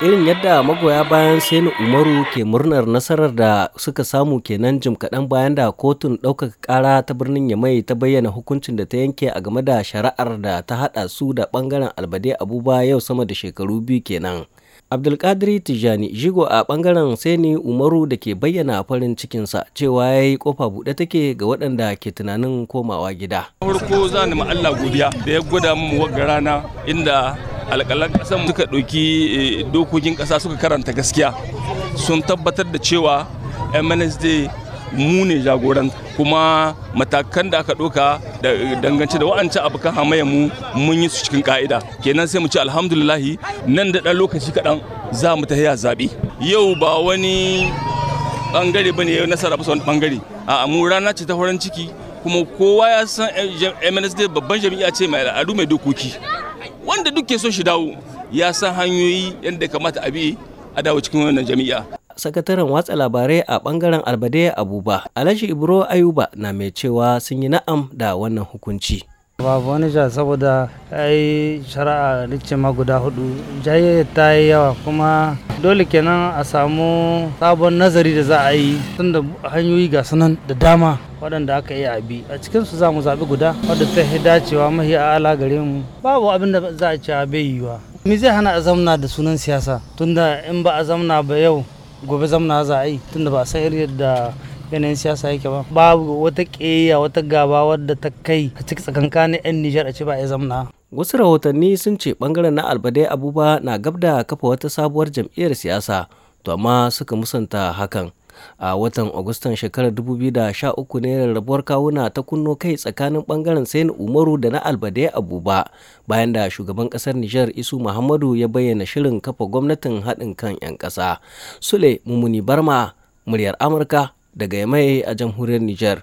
irin yadda magoya bayan sani umaru ke murnar nasarar da suka samu kenan jim kaɗan bayan da kotun ɗaukaka ƙara ta birnin ya mai ta bayyana hukuncin da ta yanke a game da shari'ar da ta haɗa su da ɓangaren albade abuba yau sama da shekaru biyu kenan abdulkadiri tijani jigo a ɓangaren sani umaru da ke bayyana farin cikinsa cewa ya yi kofa buɗe take ga waɗanda ke tunanin komawa gida farko za ni allah godiya da ya gwada mu wagga rana inda alƙalan ƙasar suka ɗauki eh, dokokin ƙasa suka karanta gaskiya sun tabbatar da cewa mnsd mu ne jagoran kuma matakan da aka ɗauka dangance da wa'ancan abokan hamayya mu mun yi su cikin ka'ida kenan sai mu ci alhamdulillahi nan da ɗan lokaci kaɗan za mu tafiya zaɓe yau ba wani ɓangare ba ne yau nasara ba wani ɓangare a mu rana ce ta horon ciki kuma kowa ya san eh, mnsd babban jami'a ce mai al'adu mai dokoki wanda duk ke so shi dawo ya san hanyoyi yadda kamata a bi a dawo cikin wannan jami'a sakataren watsa labarai a bangaren albade abuba alashi ibro ayuba na mai cewa sun yi na'am da wannan hukunci babu wani ja saboda ai shari'a rikicin ma guda hudu jayayyar ta yi yawa kuma dole kenan a samu sabon nazari da za a yi tun da hanyoyi ga sanan da dama waɗanda aka yi a bi a cikinsu za mu zaɓi guda wadda ta fi dacewa mahi ala gare mu babu abin da za a ci a bai yiwa me zai hana a zamna da sunan siyasa tun da in ba a zamna ba yau gobe zamna za a yi tun da ba a san yadda yanayin siyasa yake ba babu wata ƙeya wata gaba wadda ta kai a cikin tsakankanin 'yan nijar a ce ba zamna wasu rahotanni sun ce bangaren na albadai abuba na gab da kafa wata sabuwar jam'iyyar siyasa to amma suka musanta hakan a watan agustan shekarar 2013 ne rarrabuwar kawuna ta kunno kai tsakanin bangaren sayin umaru da na albadai abuba bayan da shugaban kasar nijar isu muhammadu ya bayyana shirin kafa gwamnatin haɗin kan 'yan ƙasa sule mumuni barma muryar amurka daga yamai a jamhuriyar nijar